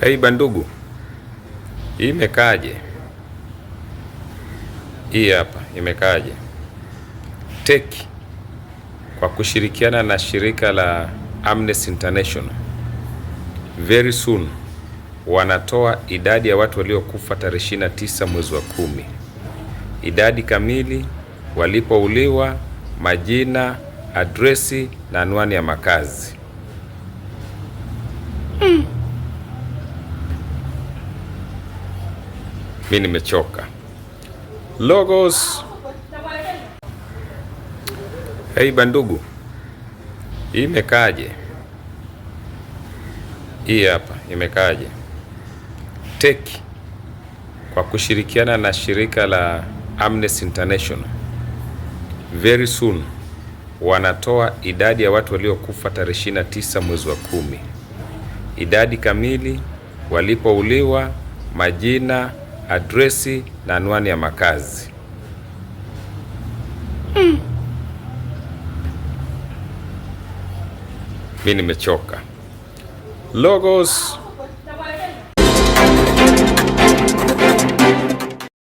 hei bandugu, hii imekaaje? Hii hapa imekaaje? TEC kwa kushirikiana na shirika la Amnesty International very soon wanatoa idadi ya watu waliokufa tarehe 29 mwezi wa kumi, idadi kamili, walipouliwa, majina, adresi na anwani ya makazi. mi nimechoka. Logos hei, bandugu, hii imekaaje? Hii hapa imekaaje? tek kwa kushirikiana na shirika la Amnesty International very soon wanatoa idadi ya watu waliokufa tarehe 29 mwezi wa kumi, idadi kamili walipouliwa, majina adresi na anwani ya makazi. Mm. Mi nimechoka. Logos